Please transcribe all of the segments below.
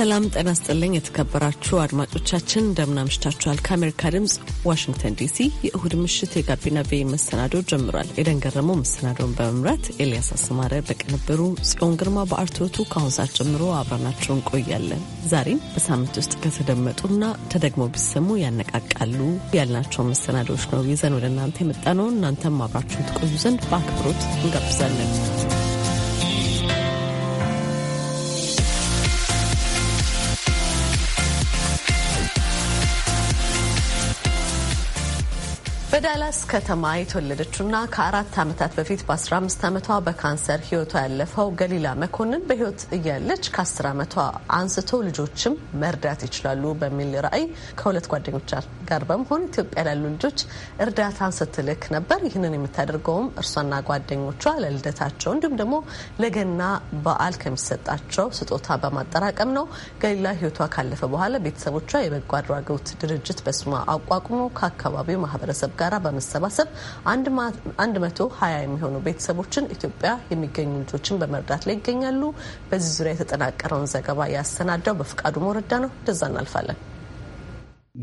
ሰላም ጤና ስጥልኝ። የተከበራችሁ አድማጮቻችን እንደምናምሽታችኋል። ከአሜሪካ ድምፅ ዋሽንግተን ዲሲ የእሁድ ምሽት የጋቢና ቤ መሰናዶ ጀምሯል። ኤደን ገረመው መሰናዶውን በመምራት ኤልያስ አስማረ በቅንብሩ፣ ጽዮን ግርማ በአርቶቱ ከአሁን ሰዓት ጀምሮ አብረናችሁ እንቆያለን። ዛሬም በሳምንት ውስጥ ከተደመጡና ተደግሞ ቢሰሙ ያነቃቃሉ ያልናቸውን መሰናዶዎች ነው ይዘን ወደ እናንተ የመጣነው። እናንተም አብራችሁን ትቆዩ ዘንድ በአክብሮት እንጋብዛለን። በዳላስ ከተማ የተወለደችውና ከአራት ዓመታት በፊት በ15 ዓመቷ በካንሰር ህይወቷ ያለፈው ገሊላ መኮንን በህይወት እያለች ከ10 ዓመቷ አንስቶ ልጆችም መርዳት ይችላሉ በሚል ራዕይ ከሁለት ጓደኞቻ ጋር በመሆን ኢትዮጵያ ላሉ ልጆች እርዳታን ስትልክ ነበር። ይህንን የምታደርገውም እርሷና ጓደኞቿ ለልደታቸው እንዲሁም ደግሞ ለገና በዓል ከሚሰጣቸው ስጦታ በማጠራቀም ነው። ገሊላ ሕይወቷ ካለፈ በኋላ ቤተሰቦቿ የበጎ አድራጎት ድርጅት በስሟ አቋቁሞ ከአካባቢው ማህበረሰብ ጋር በመሰባሰብ 120 የሚሆኑ ቤተሰቦችን ኢትዮጵያ የሚገኙ ልጆችን በመርዳት ላይ ይገኛሉ። በዚህ ዙሪያ የተጠናቀረውን ዘገባ ያሰናዳው በፍቃዱ መረዳ ነው። እንደዛ እናልፋለን።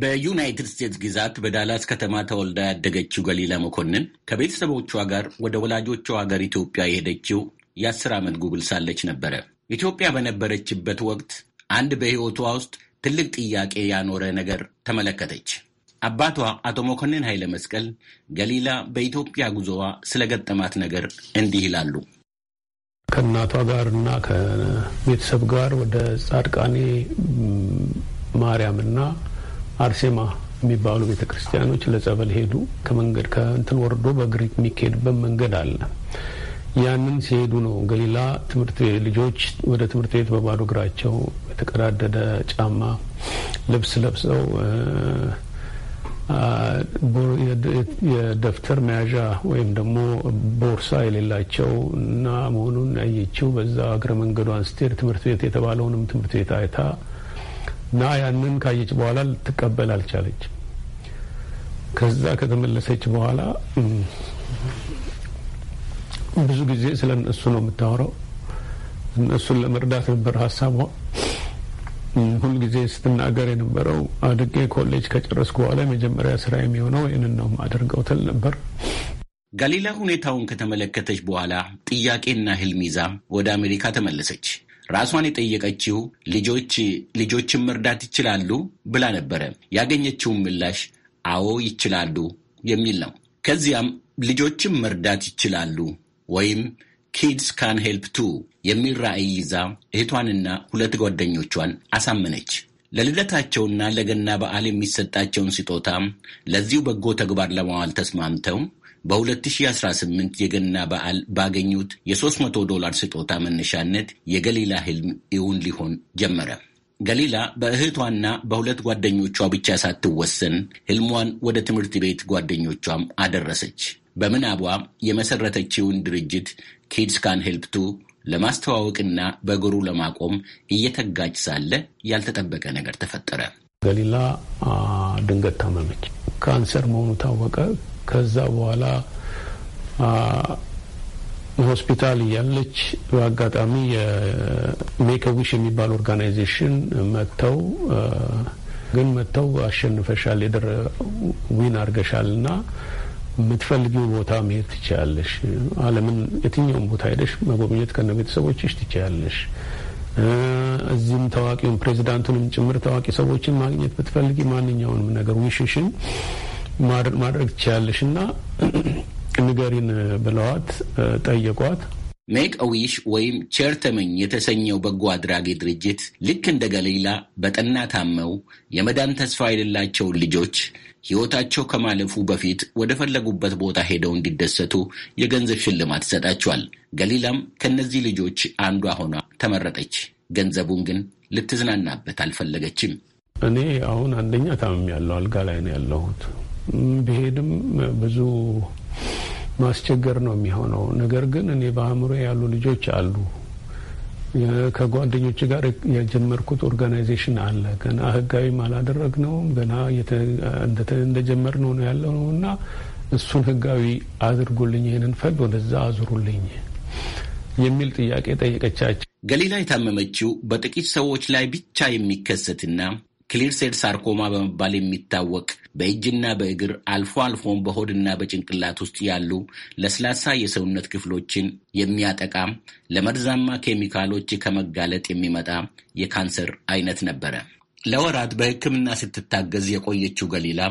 በዩናይትድ ስቴትስ ግዛት በዳላስ ከተማ ተወልዳ ያደገችው ገሊላ መኮንን ከቤተሰቦቿ ጋር ወደ ወላጆቿ ሀገር ኢትዮጵያ የሄደችው የአስር ዓመት ጉብል ሳለች ነበረ። ኢትዮጵያ በነበረችበት ወቅት አንድ በሕይወቷ ውስጥ ትልቅ ጥያቄ ያኖረ ነገር ተመለከተች። አባቷ አቶ መኮንን ኃይለ መስቀል ገሊላ በኢትዮጵያ ጉዞዋ ስለገጠማት ነገር እንዲህ ይላሉ። ከእናቷ ጋር እና ከቤተሰብ ጋር ወደ ጻድቃኔ ማርያምና አርሴማ የሚባሉ ቤተ ክርስቲያኖች ለጸበል ሄዱ። ከመንገድ ከእንትን ወርዶ በግሪክ የሚካሄድበት መንገድ አለ። ያንን ሲሄዱ ነው ገሊላ ትምህርት ቤት ልጆች ወደ ትምህርት ቤት በባዶ እግራቸው የተቀዳደደ ጫማ ልብስ ለብሰው የደብተር መያዣ ወይም ደግሞ ቦርሳ የሌላቸው እና መሆኑን ያየችው በዛ እግረ መንገዷን ስትሄድ ትምህርት ቤት የተባለውንም ትምህርት ቤት አይታ እና ያንን ካየች በኋላ ልትቀበል አልቻለች። ከዛ ከተመለሰች በኋላ ብዙ ጊዜ ስለ እነሱ ነው የምታወራው። እነሱን ለመርዳት ነበር ሀሳቧ። ሁልጊዜ ስትናገር የነበረው አድጌ ኮሌጅ ከጨረስኩ በኋላ የመጀመሪያ ስራ የሚሆነው ይህንን ነው የማደርገው ትል ነበር። ጋሊላ ሁኔታውን ከተመለከተች በኋላ ጥያቄና ህልም ይዛ ወደ አሜሪካ ተመለሰች። ራሷን የጠየቀችው ልጆች ልጆችን መርዳት ይችላሉ ብላ ነበረ። ያገኘችውን ምላሽ አዎ ይችላሉ የሚል ነው። ከዚያም ልጆችን መርዳት ይችላሉ ወይም ኪድስ ካን ሄልፕ ቱ የሚል ራዕይ ይዛ እህቷንና ሁለት ጓደኞቿን አሳመነች። ለልደታቸውና ለገና በዓል የሚሰጣቸውን ስጦታ ለዚሁ በጎ ተግባር ለማዋል ተስማምተው በ2018 የገና በዓል ባገኙት የ300 ዶላር ስጦታ መነሻነት የገሊላ ህልም እውን ሊሆን ጀመረ። ገሊላ በእህቷና በሁለት ጓደኞቿ ብቻ ሳትወሰን ህልሟን ወደ ትምህርት ቤት ጓደኞቿም አደረሰች። በምናቧ የመሰረተችውን ድርጅት ኪድስ ካን ሄልፕቱ ለማስተዋወቅና በእግሩ ለማቆም እየተጋጭ ሳለ ያልተጠበቀ ነገር ተፈጠረ። ገሊላ ድንገት ታመመች። ካንሰር መሆኑ ታወቀ። ከዛ በኋላ ሆስፒታል እያለች በአጋጣሚ የሜከዊሽ የሚባል ኦርጋናይዜሽን መጥተው ግን መጥተው አሸንፈሻል፣ የደረ ዊን አርገሻል ና የምትፈልጊው ቦታ መሄድ ትችያለሽ። ዓለምን የትኛውም ቦታ ሄደሽ መጎብኘት ከነ ቤተሰቦችሽ ትችያለሽ። እዚህም ታዋቂውን ፕሬዚዳንቱንም ጭምር ታዋቂ ሰዎችን ማግኘት ብትፈልጊ ማንኛውንም ነገር ዊሽሽን ማድረግ ትችላለሽ እና ንገሪን ብለዋት ጠየቋት። ሜክ አዊሽ ወይም ቸርተመኝ የተሰኘው በጎ አድራጊ ድርጅት ልክ እንደ ገሊላ በጠና ታመው የመዳን ተስፋ የሌላቸውን ልጆች ሕይወታቸው ከማለፉ በፊት ወደ ፈለጉበት ቦታ ሄደው እንዲደሰቱ የገንዘብ ሽልማት ይሰጣቸዋል። ገሊላም ከእነዚህ ልጆች አንዷ ሆኗ ተመረጠች። ገንዘቡን ግን ልትዝናናበት አልፈለገችም። እኔ አሁን አንደኛ ታምም ያለው አልጋ ላይ ነው ያለሁት ብሄድም ብዙ ማስቸገር ነው የሚሆነው። ነገር ግን እኔ በአእምሮ ያሉ ልጆች አሉ። ከጓደኞች ጋር የጀመርኩት ኦርጋናይዜሽን አለ። ገና ህጋዊም አላደረግነውም። ገና እንደጀመር ነው ነው ያለው ነው እና እሱን ህጋዊ አድርጉልኝ፣ ይህንን ፈንድ ወደዛ አዙሩልኝ የሚል ጥያቄ ጠየቀቻቸው። ገሊላ የታመመችው በጥቂት ሰዎች ላይ ብቻ የሚከሰትና ክሊርሴድ ሳርኮማ በመባል የሚታወቅ በእጅና በእግር አልፎ አልፎም በሆድና በጭንቅላት ውስጥ ያሉ ለስላሳ የሰውነት ክፍሎችን የሚያጠቃ ለመርዛማ ኬሚካሎች ከመጋለጥ የሚመጣ የካንሰር አይነት ነበረ። ለወራት በሕክምና ስትታገዝ የቆየችው ገሊላ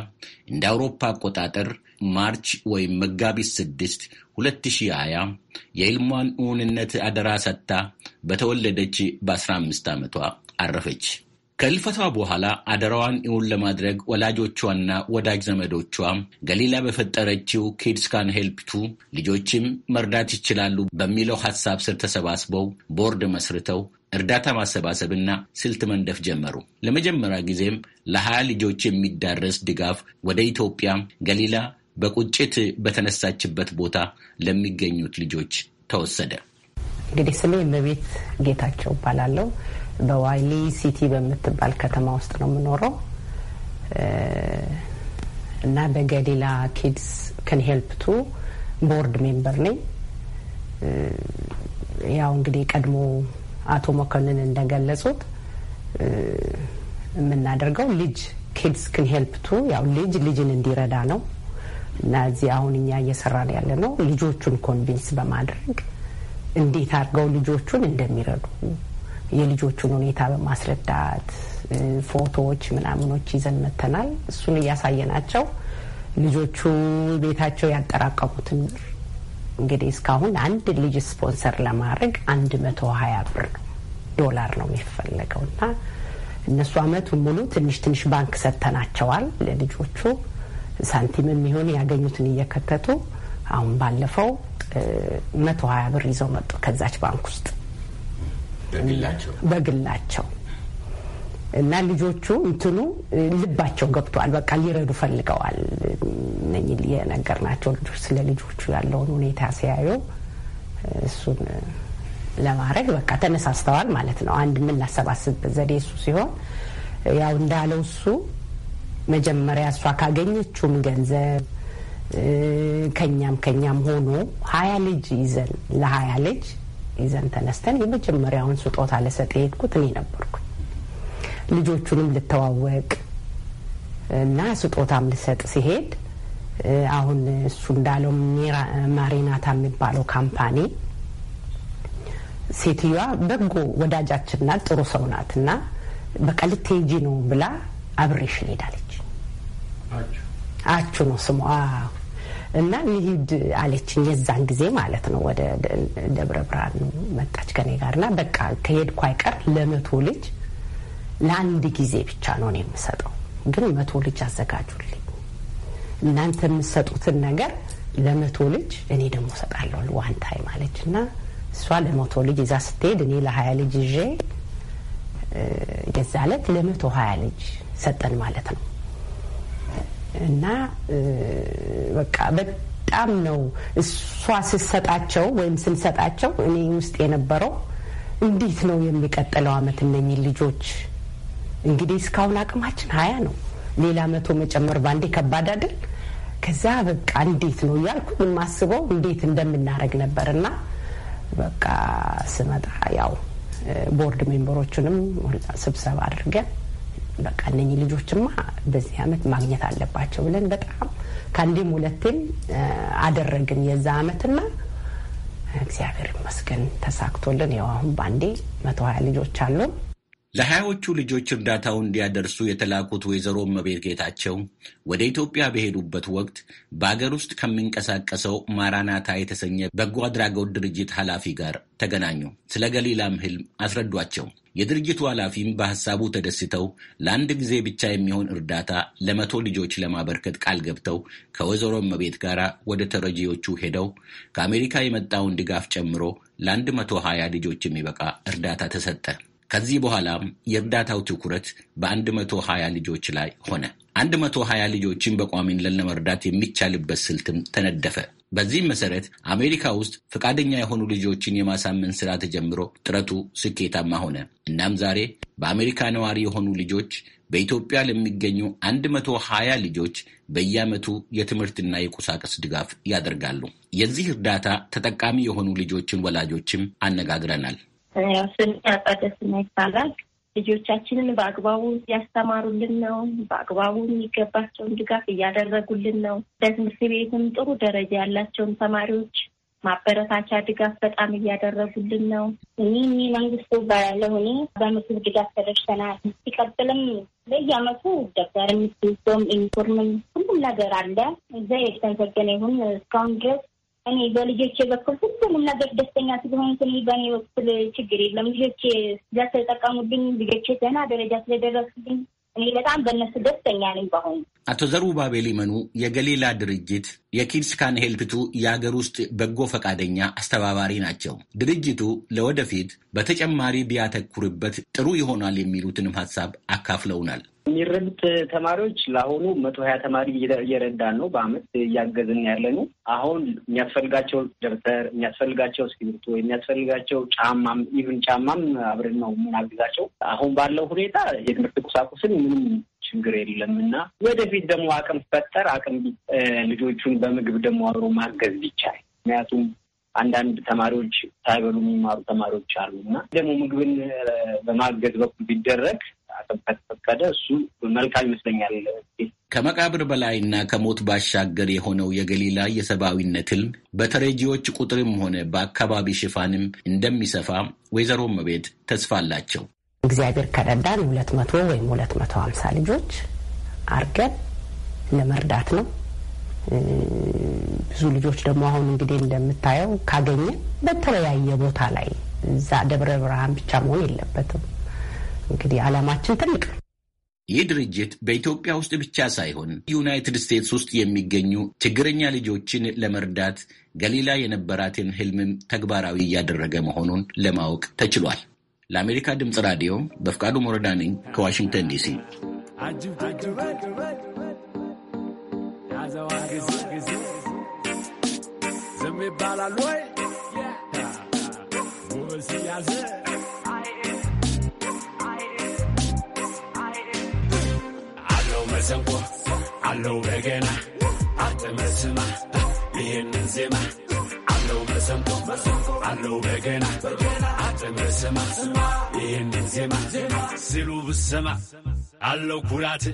እንደ አውሮፓ አቆጣጠር ማርች ወይም መጋቢት ስድስት 2020 የሕልሟን እውንነት አደራ ሰጥታ በተወለደች በ15 ዓመቷ አረፈች። ከልፈቷ በኋላ አደራዋን እውን ለማድረግ ወላጆቿና ወዳጅ ዘመዶቿ ገሊላ በፈጠረችው ኪድስ ካን ሄልፕ ቱ ልጆችም መርዳት ይችላሉ በሚለው ሀሳብ ስር ተሰባስበው ቦርድ መስርተው እርዳታ ማሰባሰብና ስልት መንደፍ ጀመሩ። ለመጀመሪያ ጊዜም ለሀያ ልጆች የሚዳረስ ድጋፍ ወደ ኢትዮጵያ ገሊላ በቁጭት በተነሳችበት ቦታ ለሚገኙት ልጆች ተወሰደ። እንግዲህ ስሜ መቤት ጌታቸው እባላለሁ። በዋይሊ ሲቲ በምትባል ከተማ ውስጥ ነው የምኖረው እና በገሊላ ኪድስ ከን ሄልፕቱ ቦርድ ሜምበር ነኝ። ያው እንግዲህ ቀድሞ አቶ መኮንን እንደገለጹት የምናደርገው ልጅ ኪድስ ክን ሄልፕቱ ያው ልጅ ልጅን እንዲረዳ ነው እና እዚህ አሁን እኛ እየሰራን ያለ ነው ልጆቹን ኮንቪንስ በማድረግ እንዴት አድርገው ልጆቹን እንደሚረዱ የልጆቹን ሁኔታ በማስረዳት ፎቶዎች ምናምኖች ይዘን መተናል። እሱን እያሳየናቸው ልጆቹ ቤታቸው ያጠራቀሙትን ብር እንግዲህ እስካሁን አንድ ልጅ ስፖንሰር ለማድረግ አንድ መቶ ሀያ ብር ዶላር ነው የሚፈለገው እና እነሱ አመቱ ሙሉ ትንሽ ትንሽ ባንክ ሰጥተናቸዋል ለልጆቹ ሳንቲም የሚሆን ያገኙትን እየከተቱ አሁን ባለፈው መቶ ሀያ ብር ይዘው መጡ ከዛች ባንክ ውስጥ በግላቸው እና ልጆቹ እንትኑ ልባቸው ገብተዋል። በቃ ሊረዱ ፈልገዋል። እነኝህ የነገርናቸው ልጆች ስለ ልጆቹ ያለውን ሁኔታ ሲያዩ እሱን ለማድረግ በቃ ተነሳስተዋል ማለት ነው። አንድ የምናሰባስብበት ዘዴ እሱ ሲሆን ያው እንዳለው እሱ መጀመሪያ እሷ ካገኘችውም ገንዘብ ከኛም ከኛም ሆኖ ሀያ ልጅ ይዘን ለሀያ ልጅ ይዘን ተነስተን የመጀመሪያውን ስጦታ ልሰጥ የሄድኩት እኔ ነበርኩ። ልጆቹንም ልተዋወቅ እና ስጦታም ልሰጥ ሲሄድ አሁን እሱ እንዳለው ማሪናታ የሚባለው ካምፓኒ ሴትዮዋ በጎ ወዳጃችን ናት፣ ጥሩ ሰው ናት እና በቃ ልትሄጂ ነው ብላ አብሬሽ ሄዳለች። አቹ ነው ስሟ። እና እንሂድ አለችኝ። የዛን ጊዜ ማለት ነው ወደ ደብረ ብርሃን መጣች ከኔ ጋር እና በቃ ከሄድኩ አይቀር ለመቶ ልጅ ለአንድ ጊዜ ብቻ ነው እኔ የምሰጠው፣ ግን መቶ ልጅ አዘጋጁልኝ እናንተ የምሰጡትን ነገር ለመቶ ልጅ እኔ ደግሞ እሰጣለሁ ዋን ታይም አለች እና እሷ ለመቶ ልጅ ይዛ ስትሄድ እኔ ለሀያ ልጅ ይዤ የዛ ዕለት ለመቶ ሀያ ልጅ ሰጠን ማለት ነው። እና በቃ በጣም ነው እሷ ስሰጣቸው ወይም ስንሰጣቸው እኔ ውስጥ የነበረው እንዴት ነው የሚቀጥለው አመት እነኝህ ልጆች እንግዲህ እስካሁን አቅማችን ሀያ ነው ሌላ መቶ መጨመር ባንዴ ከባድ አይደል? ከዛ በቃ እንዴት ነው እያልኩ የማስበው እንዴት እንደምናደርግ ነበር እና በቃ ስመጣ ያው ቦርድ ሜምበሮቹንም ስብሰባ አድርገን በቃ እነኚህ ልጆችማ በዚህ አመት ማግኘት አለባቸው ብለን በጣም ከአንዴም ሁለቴም አደረግን የዛ አመትና እግዚአብሔር ይመስገን ተሳክቶልን ያው አሁን በአንዴ መቶ ሀያ ልጆች አሉን። ለሀያዎቹ ልጆች እርዳታው እንዲያደርሱ የተላኩት ወይዘሮ መቤት ጌታቸው ወደ ኢትዮጵያ በሄዱበት ወቅት በአገር ውስጥ ከሚንቀሳቀሰው ማራናታ የተሰኘ በጎ አድራጎት ድርጅት ኃላፊ ጋር ተገናኙ። ስለ ገሊላም ህልም አስረዷቸው። የድርጅቱ ኃላፊም በሀሳቡ ተደስተው ለአንድ ጊዜ ብቻ የሚሆን እርዳታ ለመቶ ልጆች ለማበርከት ቃል ገብተው ከወይዘሮ መቤት ጋር ወደ ተረጂዎቹ ሄደው ከአሜሪካ የመጣውን ድጋፍ ጨምሮ ለአንድ መቶ ሀያ ልጆች የሚበቃ እርዳታ ተሰጠ። ከዚህ በኋላም የእርዳታው ትኩረት በ120 ልጆች ላይ ሆነ። 120 ልጆችን በቋሚነት ለመርዳት የሚቻልበት ስልትም ተነደፈ። በዚህም መሰረት አሜሪካ ውስጥ ፈቃደኛ የሆኑ ልጆችን የማሳመን ስራ ተጀምሮ ጥረቱ ስኬታማ ሆነ። እናም ዛሬ በአሜሪካ ነዋሪ የሆኑ ልጆች በኢትዮጵያ ለሚገኙ 120 ልጆች በየዓመቱ የትምህርትና የቁሳቁስ ድጋፍ ያደርጋሉ። የዚህ እርዳታ ተጠቃሚ የሆኑ ልጆችን ወላጆችም አነጋግረናል። ስም ያጸደስና ይባላል። ልጆቻችንን በአግባቡ እያስተማሩልን ነው። በአግባቡ የሚገባቸውን ድጋፍ እያደረጉልን ነው። በትምህርት ቤትም ጥሩ ደረጃ ያላቸውን ተማሪዎች ማበረታቻ ድጋፍ በጣም እያደረጉልን ነው። እኔ እኒህ መንግስቱ ባያለው እኔ በምግብ ድጋፍ ተደርሰናል። ሲቀጥልም በየአመቱ ደብተር እስክሪብቶም፣ ኢንፎርምም ሁሉም ነገር አለ። እዛ የተመሰገነ ይሁን እስካሁን ድረስ እኔ በልጆቼ በኩል ሁሉንም ነገር ደስተኛ ስለሆኑት እኔ በእኔ በኩል ችግር የለም። ልጆቼ ስለጠቀሙብኝ፣ ልጆቼ ገና ደረጃ ስለደረሱብኝ እኔ በጣም በእነሱ ደስተኛ ነኝ። በአሁኑ አቶ ዘሩባቤል ይመኑ የገሊላ ድርጅት የኪድስ ካን ሄልፕቱ የአገር ውስጥ በጎ ፈቃደኛ አስተባባሪ ናቸው። ድርጅቱ ለወደፊት በተጨማሪ ቢያተኩርበት ጥሩ ይሆናል የሚሉትንም ሀሳብ አካፍለውናል። የሚረዱት ተማሪዎች ለአሁኑ መቶ ሀያ ተማሪ እየረዳን ነው። በአመት እያገዝን ያለ ነው። አሁን የሚያስፈልጋቸው ደብተር፣ የሚያስፈልጋቸው እስክሪብቶ፣ የሚያስፈልጋቸው ጫማም ኢቭን ጫማም አብረን ነው የምናግዛቸው። አሁን ባለው ሁኔታ የትምህርት ቁሳቁስን ምንም ችግር የለም እና ወደፊት ደግሞ አቅም ፈጠር አቅም ልጆቹን በምግብ ደግሞ አብሮ ማገዝ ይቻል ምክንያቱም አንዳንድ ተማሪዎች ሳይበሉ የሚማሩ ተማሪዎች አሉ እና ደግሞ ምግብን በማገዝ በኩል ቢደረግ ከተፈቀደ እሱ መልካም ይመስለኛል። ከመቃብር በላይና ከሞት ባሻገር የሆነው የገሊላ የሰብአዊነት ህልም በተረጂዎች ቁጥርም ሆነ በአካባቢ ሽፋንም እንደሚሰፋ ወይዘሮ መቤት ተስፋ አላቸው። እግዚአብሔር ከረዳን ሁለት መቶ ወይም ሁለት መቶ ሀምሳ ልጆች አርገን ለመርዳት ነው ብዙ ልጆች ደግሞ አሁን እንግዲህ እንደምታየው ካገኘ በተለያየ ቦታ ላይ እዛ ደብረ ብርሃን ብቻ መሆን የለበትም። እንግዲህ አላማችን ትልቅ ነው። ይህ ድርጅት በኢትዮጵያ ውስጥ ብቻ ሳይሆን ዩናይትድ ስቴትስ ውስጥ የሚገኙ ችግረኛ ልጆችን ለመርዳት ገሊላ የነበራትን ሕልምም ተግባራዊ እያደረገ መሆኑን ለማወቅ ተችሏል። ለአሜሪካ ድምፅ ራዲዮ በፍቃዱ ሞረዳ ነኝ ከዋሽንግተን ዲሲ። ወንድም ይባላል ወይ ያዘ አለው መሰንቆ አለው በገና አትመስማ ይህንን ዜማ አለው መሰንቆ አለው በገና አትመስማ ይህንን ዜማ ሲሉ ብሰማ አለው ኩራት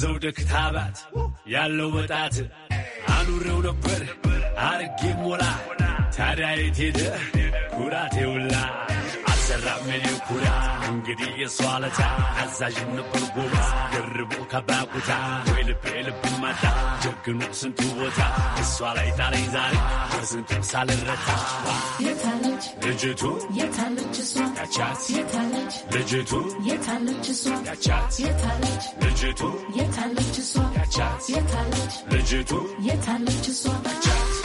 ዘውደ ክታባት ያለው ወጣት አኑሬው ነበር አርጌ ሞላ ታዲያ የት ሄደ ኩራት ውላ አልሰራም እኔ ኩራ እንግዲህ የሷለታ አዛዥ ነበር ጎባ ደርቦ ከባቁታ ወይ ልብ ልብ ማታ ጀግኑ ስንቱ ቦታ እሷ ላይ ጣለኝ ዛሬ በስንቱ ሳልረታ የታለች ልጅቱ የታለች እሷ ያቻት የታለች ልጅቱ የታለች እሷ ያቻት የታለች ልጅቱ የታለች እሷ ያቻት የታለች ልጅቱ የታለች እሷ ያቻት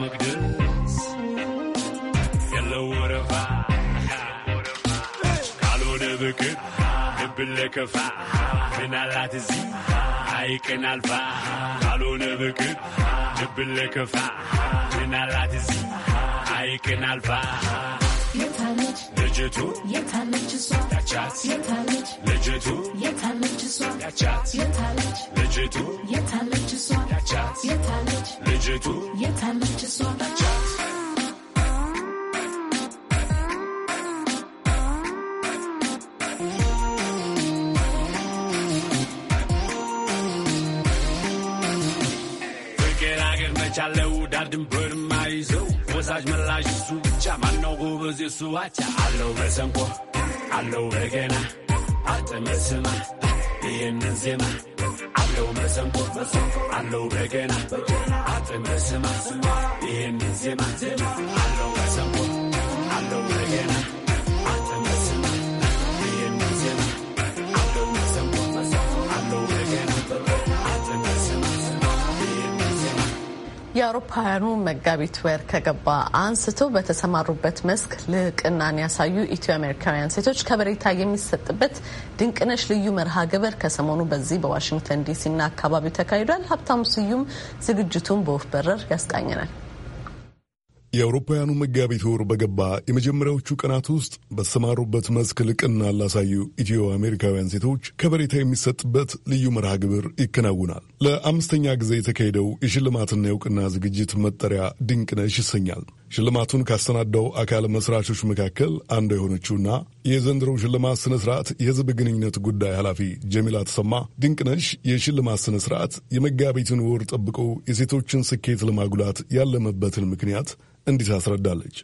መቅደስ ያለው ወረፋ ካልሆነ ብቅር ልብን ለከፋ ምናላት እዚህ አይቅን አልፋ ካልሆነ ብቅር ልብን ለከፋ ምናላት እዚህ አይቅን አልፋ ልጅቱ የታለች እሷ ያቻት የታለች ልጅቱ የታለች እሷ ያቻት የታለች ልጅቱ የታለች እሷ ቻት የታለች ልጅቱ የታለች እሷ ቻት ፍቅር አገር መቻለው ዳር ድንበር ማይዘው ወሳጅ መላሽ እሱ ብቻ ማነው ጎበዝ እሱ አቻ አለው በሰንቆ አለው በገና አጥመስማ ይህንን ዜማ አለው መሰንቆ አለው በገና አጥም በስማ ይህን ዜማ አለው መሰንቆ አለው በገና የአውሮፓውያኑ መጋቢት ወር ከገባ አንስቶ በተሰማሩበት መስክ ልቅናን ያሳዩ ኢትዮ አሜሪካውያን ሴቶች ከበሬታ የሚሰጥበት ድንቅነሽ ልዩ መርሃ ግብር ከሰሞኑ በዚህ በዋሽንግተን ዲሲና አካባቢው ተካሂዷል። ሀብታሙ ስዩም ዝግጅቱን በወፍ በረር ያስቃኘናል። የአውሮፓውያኑ መጋቢት ወር በገባ የመጀመሪያዎቹ ቀናት ውስጥ በተሰማሩበት መስክ ልቅና ላሳዩ ኢትዮ አሜሪካውያን ሴቶች ከበሬታ የሚሰጥበት ልዩ መርሃ ግብር ይከናውናል። ለአምስተኛ ጊዜ የተካሄደው የሽልማትና የእውቅና ዝግጅት መጠሪያ ድንቅ ነሽ ይሰኛል። ሽልማቱን ካሰናዳው አካል መስራቾች መካከል አንዱ የሆነችውና የዘንድሮው ሽልማት ስነ ስርዓት የህዝብ ግንኙነት ጉዳይ ኃላፊ ጀሚላ ተሰማ ድንቅነሽ የሽልማት ስነ ስርዓት የመጋቢትን ወር ጠብቆ የሴቶችን ስኬት ለማጉላት ያለመበትን ምክንያት እንዲት አስረዳለች።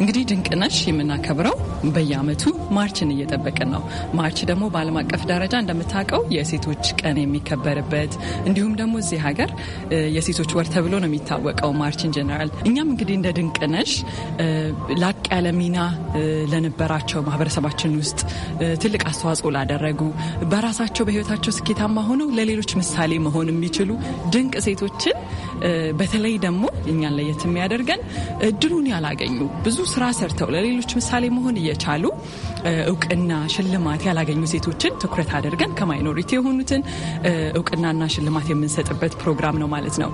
እንግዲህ ድንቅነሽ የምናከብረው በየአመቱ ማርችን እየጠበቅን ነው። ማርች ደግሞ በዓለም አቀፍ ደረጃ እንደምታውቀው የሴቶች ቀን የሚከበርበት እንዲሁም ደግሞ እዚህ ሀገር የሴቶች ወር ተብሎ ነው የሚታወቀው ማርችን ጀነራል። እኛም እንግዲህ እንደ ድንቅነሽ ነሽ ላቅ ያለ ሚና ለነበራቸው ማህበረሰባችን ውስጥ ትልቅ አስተዋጽኦ ላደረጉ በራሳቸው በህይወታቸው ስኬታማ ሆነው ለሌሎች ምሳሌ መሆን የሚችሉ ድንቅ ሴቶችን በተለይ ደግሞ እኛን ለየት የሚያደርገን እድሉን ያላገኙ ብዙ ስራ ሰርተው ለሌሎች ምሳሌ መሆን እየቻሉ እውቅና ሽልማት ያላገኙ ሴቶችን ትኩረት አድርገን ከማይኖሪቲ የሆኑትን እውቅናና ሽልማት የምንሰጥበት ፕሮግራም ነው ማለት ነው።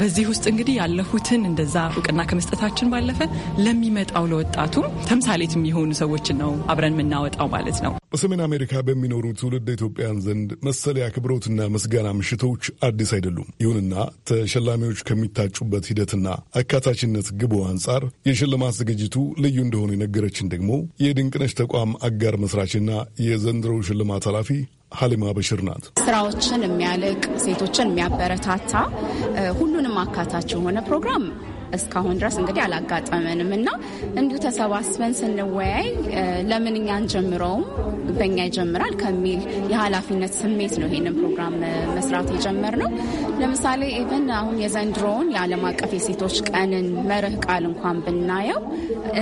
በዚህ ውስጥ እንግዲህ ያለፉትን እንደዛ እውቅና ከመስጠታችን ከማድረጋችን ባለፈ ለሚመጣው ለወጣቱ ተምሳሌት የሚሆኑ ሰዎችን ነው አብረን የምናወጣው ማለት ነው። በሰሜን አሜሪካ በሚኖሩ ትውልድ ኢትዮጵያያን ዘንድ መሰል የአክብሮትና ምስጋና ምሽቶች አዲስ አይደሉም። ይሁንና ተሸላሚዎች ከሚታጩበት ሂደትና አካታችነት ግቡ አንጻር የሽልማት ዝግጅቱ ልዩ እንደሆነ የነገረችን ደግሞ የድንቅነሽ ተቋም አጋር መስራችና የዘንድሮው ሽልማት ኃላፊ ሀሊማ በሽር ናት። ስራዎችን የሚያልቅ ሴቶችን የሚያበረታታ ሁሉንም አካታች የሆነ ፕሮግራም እስካሁን ድረስ እንግዲህ አላጋጠመንም እና እንዲሁ ተሰባስበን ስንወያይ ለምን እኛ አንጀምረውም በእኛ ይጀምራል ከሚል የኃላፊነት ስሜት ነው ይሄንን ፕሮግራም መስራት የጀመርነው። ለምሳሌ ኢቨን አሁን የዘንድሮውን የዓለም አቀፍ የሴቶች ቀንን መርህ ቃል እንኳን ብናየው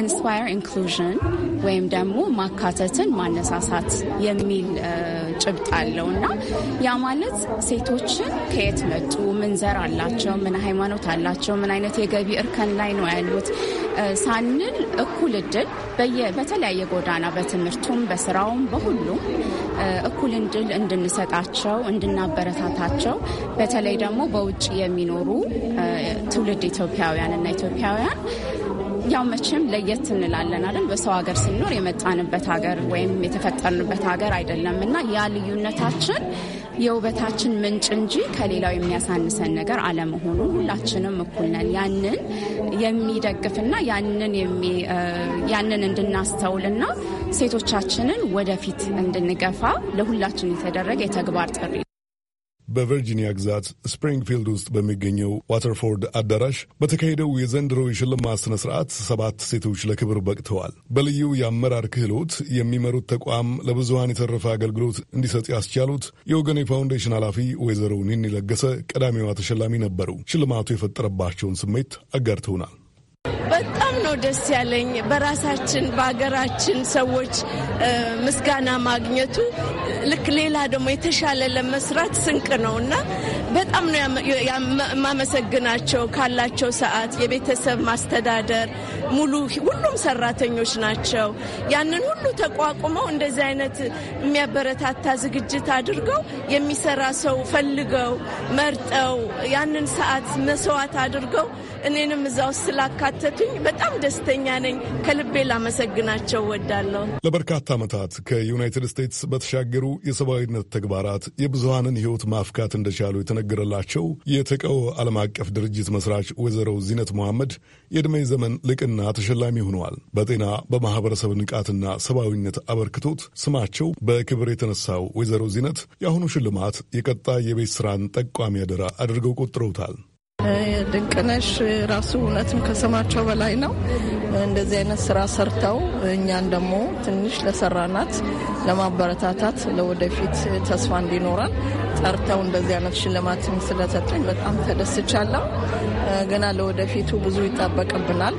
ኢንስፓየር ኢንክሉዥን ወይም ደግሞ ማካተትን ማነሳሳት የሚል ጭብጥ አለው እና ያ ማለት ሴቶችን ከየት መጡ፣ ምን ዘር አላቸው፣ ምን ሃይማኖት አላቸው፣ ምን አይነት የገቢ እርከን ላይ ነው ያሉት ሳንል እኩል እድል በተለያየ ጎዳና በትምህርቱም፣ በስራውም፣ በሁሉም እኩል እድል እንድንሰጣቸው እንድናበረታታቸው በተለይ ደግሞ በውጭ የሚኖሩ ትውልድ ኢትዮጵያውያን እና ኢትዮጵያውያን ያው መቼም ለየት እንላለን አይደል? በሰው ሀገር ስንኖር የመጣንበት ሀገር ወይም የተፈጠርንበት ሀገር አይደለም እና ያ ልዩነታችን የውበታችን ምንጭ እንጂ ከሌላው የሚያሳንሰን ነገር አለመሆኑን ሁላችንም እኩል ነን። ያንን የሚደግፍና ያንን እንድናስተውልና ሴቶቻችንን ወደፊት እንድንገፋ ለሁላችን የተደረገ የተግባር ጥሪ ነው። በቨርጂኒያ ግዛት ስፕሪንግፊልድ ውስጥ በሚገኘው ዋተርፎርድ አዳራሽ በተካሄደው የዘንድሮ የሽልማት ስነ ስርዓት ሰባት ሴቶች ለክብር በቅተዋል። በልዩ የአመራር ክህሎት የሚመሩት ተቋም ለብዙሀን የተረፈ አገልግሎት እንዲሰጥ ያስቻሉት የወገኔ ፋውንዴሽን ኃላፊ ወይዘሮ ኒኒ ለገሰ ቀዳሚዋ ተሸላሚ ነበሩ። ሽልማቱ የፈጠረባቸውን ስሜት አጋርተውናል። በጣም ነው ደስ ያለኝ። በራሳችን በሀገራችን ሰዎች ምስጋና ማግኘቱ ልክ ሌላ ደግሞ የተሻለ ለመስራት ስንቅ ነው እና በጣም ነው የማመሰግናቸው። ካላቸው ሰዓት የቤተሰብ ማስተዳደር ሙሉ ሁሉም ሰራተኞች ናቸው። ያንን ሁሉ ተቋቁመው እንደዚህ አይነት የሚያበረታታ ዝግጅት አድርገው የሚሰራ ሰው ፈልገው መርጠው ያንን ሰዓት መስዋዕት አድርገው እኔንም እዛ ውስጥ ስላካተቱኝ በጣም ደስተኛ ነኝ። ከልቤ ላመሰግናቸው ወዳለሁ። ለበርካታ ዓመታት ከዩናይትድ ስቴትስ በተሻገሩ የሰብአዊነት ተግባራት የብዙሃንን ሕይወት ማፍካት እንደቻሉ የተነገረላቸው የተቀው ዓለም አቀፍ ድርጅት መስራች ወይዘሮ ዚነት መሐመድ የዕድሜ ዘመን ልቅና ተሸላሚ ሆነዋል። በጤና በማህበረሰብ ንቃትና ሰብአዊነት አበርክቶት ስማቸው በክብር የተነሳው ወይዘሮ ዚነት የአሁኑ ሽልማት የቀጣይ የቤት ስራን ጠቋሚ አደራ አድርገው ቆጥረውታል። ድንቅነሽ ራሱ እውነትም ከሰማቸው በላይ ነው። እንደዚህ አይነት ስራ ሰርተው እኛን ደግሞ ትንሽ ለሰራናት ለማበረታታት ለወደፊት ተስፋ እንዲኖረን ጠርተው እንደዚህ አይነት ሽልማትም ስለሰጠኝ በጣም ተደስቻለሁ። ገና ለወደፊቱ ብዙ ይጠበቅብናል።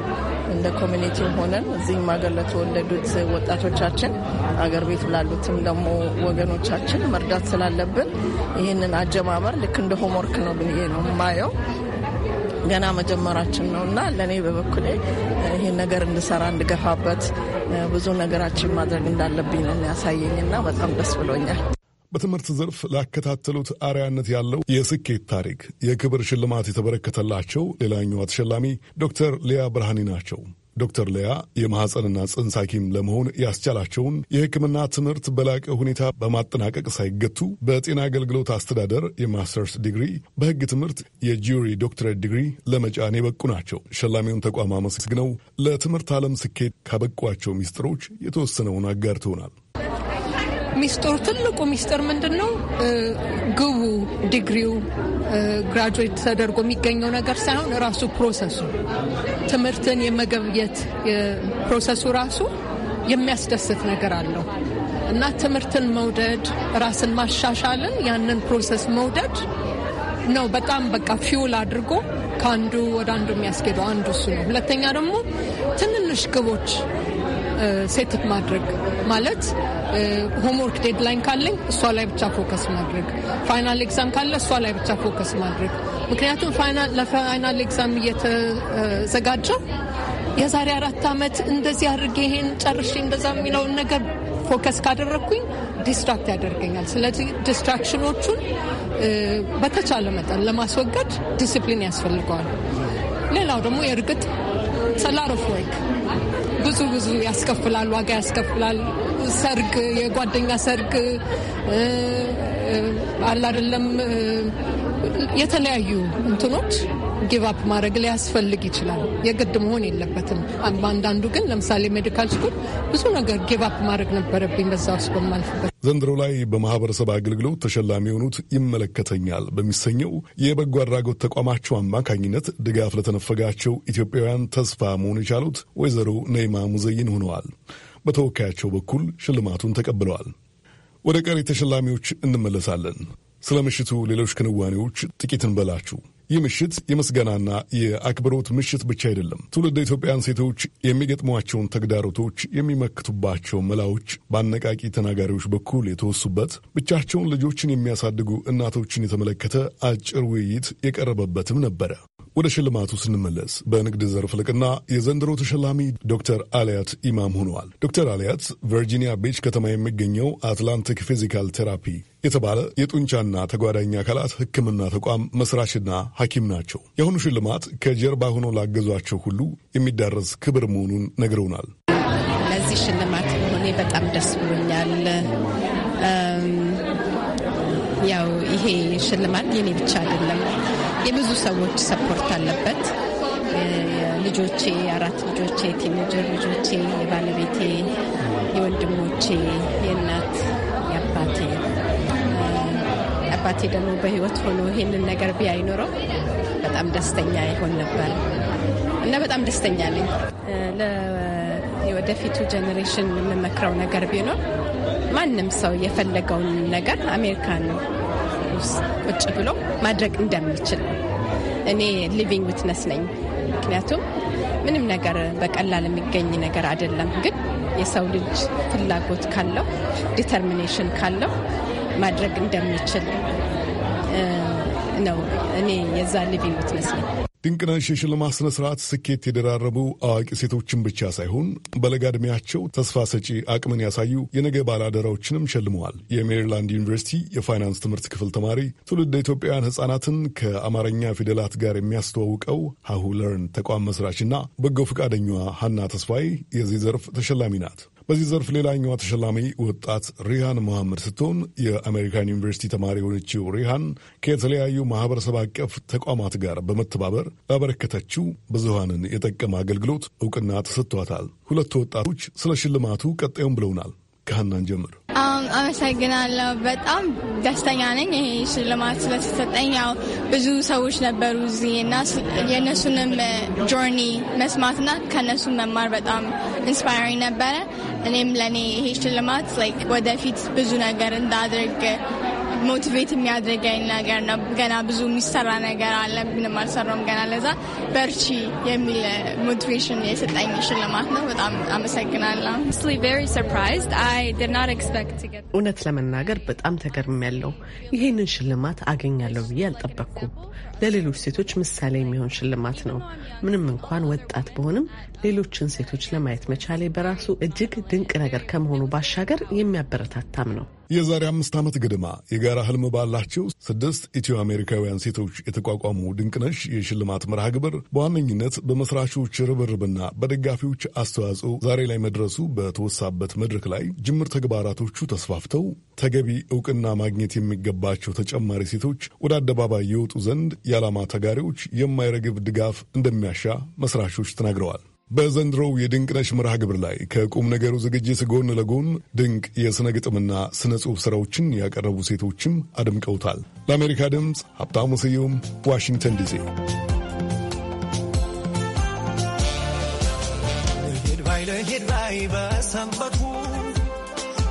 እንደ ኮሚኒቲ ሆነን እዚህም ሀገር ለተወለዱት ወጣቶቻችን አገር ቤት ላሉትም ደግሞ ወገኖቻችን መርዳት ስላለብን ይህንን አጀማመር ልክ እንደ ሆምወርክ ነው ብዬ ነው የማየው። ገና መጀመራችን ነው እና ለእኔ በበኩሌ ይህን ነገር እንድሰራ እንድገፋበት ብዙ ነገራችን ማድረግ እንዳለብኝ ነው ያሳየኝ እና በጣም ደስ ብሎኛል። በትምህርት ዘርፍ ላከታተሉት አርያነት ያለው የስኬት ታሪክ የክብር ሽልማት የተበረከተላቸው ሌላኛዋ ተሸላሚ ዶክተር ሊያ ብርሃኒ ናቸው። ዶክተር ሊያ የማኅፀንና ጽንስ ሐኪም ለመሆን ያስቻላቸውን የሕክምና ትምህርት በላቀ ሁኔታ በማጠናቀቅ ሳይገቱ በጤና አገልግሎት አስተዳደር የማስተርስ ዲግሪ፣ በሕግ ትምህርት የጂሪ ዶክትሬት ዲግሪ ለመጫን የበቁ ናቸው። ሸላሚውን ተቋም አመስግነው ለትምህርት ዓለም ስኬት ካበቋቸው ሚስጥሮች የተወሰነውን አጋርተውናል። ሚስጥሩ ትልቁ ሚስጥር ምንድን ነው? ግቡ ዲግሪው ግራጁዌት ተደርጎ የሚገኘው ነገር ሳይሆን ራሱ ፕሮሰሱ ትምህርትን የመገብየት ፕሮሰሱ ራሱ የሚያስደስት ነገር አለው እና ትምህርትን መውደድ ራስን ማሻሻልን ያንን ፕሮሰስ መውደድ ነው በጣም በቃ ፊውል አድርጎ ከአንዱ ወደ አንዱ የሚያስኬደው አንዱ እሱ ነው። ሁለተኛ ደግሞ ትንንሽ ግቦች ሴትት ማድረግ ማለት ሆምወርክ ዴድላይን ካለኝ እሷ ላይ ብቻ ፎከስ ማድረግ፣ ፋይናል ኤግዛም ካለ እሷ ላይ ብቻ ፎከስ ማድረግ። ምክንያቱም ለፋይናል ኤግዛም እየተዘጋጀው የዛሬ አራት ዓመት እንደዚህ አድርጌ ይሄን ጨርሼ እንደዛ የሚለውን ነገር ፎከስ ካደረግኩኝ ዲስትራክት ያደርገኛል። ስለዚህ ዲስትራክሽኖቹን በተቻለ መጠን ለማስወገድ ዲስፕሊን ያስፈልገዋል። ሌላው ደግሞ የእርግጥ ሰላሮፍ ወርክ ብዙ ብዙ ያስከፍላል፣ ዋጋ ያስከፍላል። ሰርግ፣ የጓደኛ ሰርግ አለ አይደለም። የተለያዩ እንትኖች ጊቫፕ ማድረግ ሊያስፈልግ ይችላል። የግድ መሆን የለበትም። በአንዳንዱ ግን ለምሳሌ ሜዲካል ስኩል ብዙ ነገር ጊቫፕ ማድረግ ነበረብኝ በዛ ውስጥ በማልፍበት። ዘንድሮ ላይ በማህበረሰብ አገልግሎት ተሸላሚ የሆኑት ይመለከተኛል በሚሰኘው የበጎ አድራጎት ተቋማቸው አማካኝነት ድጋፍ ለተነፈጋቸው ኢትዮጵያውያን ተስፋ መሆን የቻሉት ወይዘሮ ነይማ ሙዘይን ሆነዋል። በተወካያቸው በኩል ሽልማቱን ተቀብለዋል። ወደ ቀሪ ተሸላሚዎች እንመለሳለን። ስለ ምሽቱ ሌሎች ክንዋኔዎች ጥቂት እንበላችሁ። ይህ ምሽት የምስጋናና የአክብሮት ምሽት ብቻ አይደለም። ትውልደ ኢትዮጵያን ሴቶች የሚገጥሟቸውን ተግዳሮቶች የሚመክቱባቸው መላዎች በአነቃቂ ተናጋሪዎች በኩል የተወሱበት፣ ብቻቸውን ልጆችን የሚያሳድጉ እናቶችን የተመለከተ አጭር ውይይት የቀረበበትም ነበረ። ወደ ሽልማቱ ስንመለስ በንግድ ዘርፍ ልቅና የዘንድሮ ተሸላሚ ዶክተር አልያት ኢማም ሆነዋል። ዶክተር አልያት ቨርጂኒያ ቤች ከተማ የሚገኘው አትላንቲክ ፊዚካል ቴራፒ የተባለ የጡንቻና ተጓዳኝ አካላት ሕክምና ተቋም መስራችና ሐኪም ናቸው። የአሁኑ ሽልማት ከጀርባ ሆኖ ላገዟቸው ሁሉ የሚዳረስ ክብር መሆኑን ነግረውናል። ለዚህ ሽልማት መሆኔ በጣም ደስ ብሎኛል። ያው ይሄ ሽልማት የኔ ብቻ አይደለም፣ የብዙ ሰዎች ሰፖርት አለበት። ልጆቼ አራት ልጆቼ ቲኔጀር ልጆቼ፣ የባለቤቴ፣ የወንድሞቼ፣ የእናት አባቴ ደግሞ በህይወት ሆኖ ይሄንን ነገር ቢያይ ኖሮ በጣም ደስተኛ ይሆን ነበር እና በጣም ደስተኛ ነኝ። ለወደፊቱ ጀኔሬሽን የምመክረው ነገር ቢኖር ማንም ሰው የፈለገውን ነገር አሜሪካን ውስጥ ቁጭ ብሎ ማድረግ እንደሚችል እኔ ሊቪንግ ዊትነስ ነኝ። ምክንያቱም ምንም ነገር በቀላል የሚገኝ ነገር አይደለም። ግን የሰው ልጅ ፍላጎት ካለው ዲተርሚኔሽን ካለው ማድረግ እንደምችል ነው እኔ የዛ ልብ የምትመስለኝ። ድንቅነሽ የሽልማት ስነ ስርዓት ስኬት የደራረቡ አዋቂ ሴቶችን ብቻ ሳይሆን በለጋ ዕድሜያቸው ተስፋ ሰጪ አቅምን ያሳዩ የነገ ባላደራዎችንም ሸልመዋል። የሜሪላንድ ዩኒቨርሲቲ የፋይናንስ ትምህርት ክፍል ተማሪ ትውልድ ኢትዮጵያውያን ህጻናትን ከአማርኛ ፊደላት ጋር የሚያስተዋውቀው ሀሁ ለርን ተቋም መስራችና በጎ ፈቃደኛዋ ሀና ተስፋዬ የዚህ ዘርፍ ተሸላሚ ናት። በዚህ ዘርፍ ሌላኛዋ ተሸላሚ ወጣት ሪሃን መሐመድ ስትሆን የአሜሪካን ዩኒቨርሲቲ ተማሪ የሆነችው ሪሃን ከተለያዩ ማህበረሰብ አቀፍ ተቋማት ጋር በመተባበር ላበረከተችው ብዙሃንን የጠቀመ አገልግሎት እውቅና ተሰጥቷታል። ሁለቱ ወጣቶች ስለ ሽልማቱ ቀጣዩን ብለውናል። ካህናን ጀምር አመሰግናለሁ። በጣም ደስተኛ ነኝ ይሄ ሽልማት ስለተሰጠኝ። ያው ብዙ ሰዎች ነበሩ እዚህ እና የእነሱንም ጆርኒ መስማትና ከእነሱ መማር በጣም ኢንስፓይሪንግ ነበረ። እኔም ለእኔ ይሄ ሽልማት ወደፊት ብዙ ነገር እንዳድርግ ሞቲቬት የሚያደርገኝ ነገር ነው። ገና ብዙ የሚሰራ ነገር አለ፣ ምንም አልሰራውም ገና። ለዛ በርቺ የሚል ሞቲቬሽን የሰጠኝ ሽልማት ነው። በጣም አመሰግናለሁ። እውነት ለመናገር በጣም ተገርሚያለሁ። ይህንን ሽልማት አገኛለሁ ብዬ አልጠበቅኩም። ለሌሎች ሴቶች ምሳሌ የሚሆን ሽልማት ነው። ምንም እንኳን ወጣት በሆንም ሌሎችን ሴቶች ለማየት መቻሌ በራሱ እጅግ ድንቅ ነገር ከመሆኑ ባሻገር የሚያበረታታም ነው። የዛሬ አምስት ዓመት ገደማ የጋራ ህልም ባላቸው ስድስት ኢትዮ አሜሪካውያን ሴቶች የተቋቋሙ ድንቅነሽ የሽልማት መርሃ ግብር በዋነኝነት በመስራቾች ርብርብና በደጋፊዎች አስተዋጽኦ ዛሬ ላይ መድረሱ በተወሳበት መድረክ ላይ ጅምር ተግባራቶቹ ተስፋፍተው ተገቢ እውቅና ማግኘት የሚገባቸው ተጨማሪ ሴቶች ወደ አደባባይ የወጡ ዘንድ የዓላማ ተጋሪዎች የማይረግብ ድጋፍ እንደሚያሻ መስራቾች ተናግረዋል። በዘንድሮው የድንቅነሽ መርሃ ግብር ላይ ከቁም ነገሩ ዝግጅት ጎን ለጎን ድንቅ የሥነ ግጥምና ሥነ ጽሑፍ ሥራዎችን ያቀረቡ ሴቶችም አድምቀውታል። ለአሜሪካ ድምፅ ሀብታሙ ስዩም ዋሽንግተን ዲሲ። ልሄድ ባይ በሰንበቱ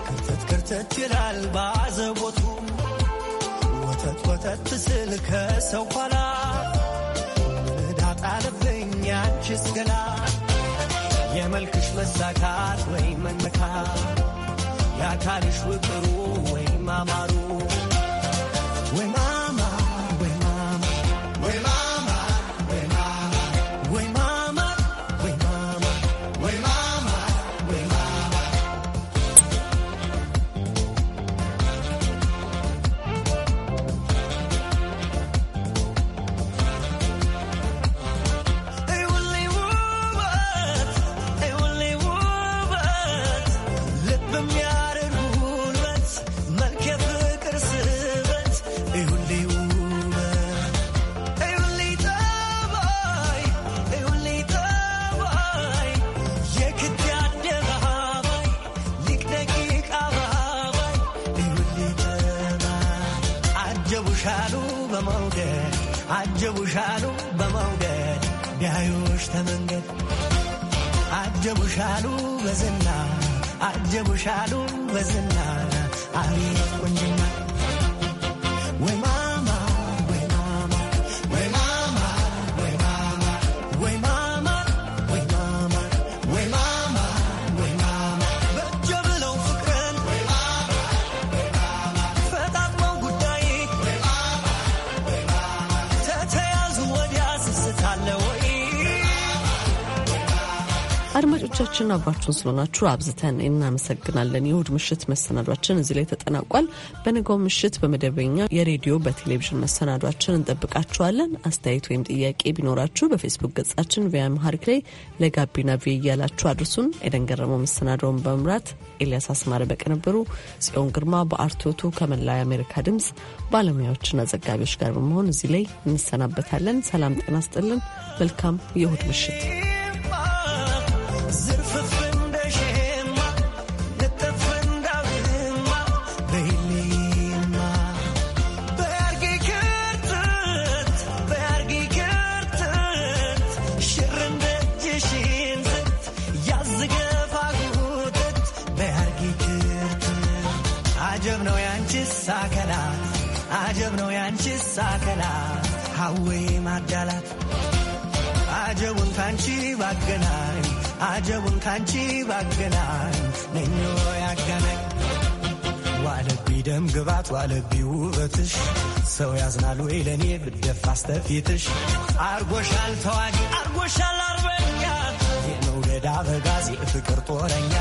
ክርተት ክርተት ወተት ኋላ የመልክሽ መሳካት ወይም መመካት የአካልሽ ውቅሩ ወይም አማሩ ወይም ሻሉ በዝና አሚ ቁንጅና አድማጮቻችን አብራችሁን ስለሆናችሁ አብዝተን እናመሰግናለን። የእሁድ ምሽት መሰናዷችን እዚህ ላይ ተጠናቋል። በንጋው ምሽት በመደበኛ የሬዲዮ በቴሌቪዥን መሰናዷችን እንጠብቃችኋለን። አስተያየት ወይም ጥያቄ ቢኖራችሁ በፌስቡክ ገጻችን ቪያ አምሃሪክ ላይ ለጋቢና ቪ እያላችሁ አድርሱን። ኤደን ገረመው መሰናዶውን በመምራት ኤልያስ አስማረ በቅንብሩ፣ ጽዮን ግርማ በአርቶቱ ከመላው የአሜሪካ ድምፅ ባለሙያዎችና ዘጋቢዎች ጋር በመሆን እዚህ ላይ እንሰናበታለን። ሰላም ጤና ስጥልን። መልካም የእሁድ ምሽት ካንቺ ባገናኝ አጀቡን ካንቺ ባገናኝ ነኞ ያገናኝ ዋለቢ ደም ግባት ዋለቢ ውበትሽ ሰው ያዝናል ወይ ለእኔ ብደፋ አስተፊትሽ አርጎሻል ተዋጊ አርጎሻል አርበኛ የመውደድ አበጋዜ ፍቅር ጦረኛ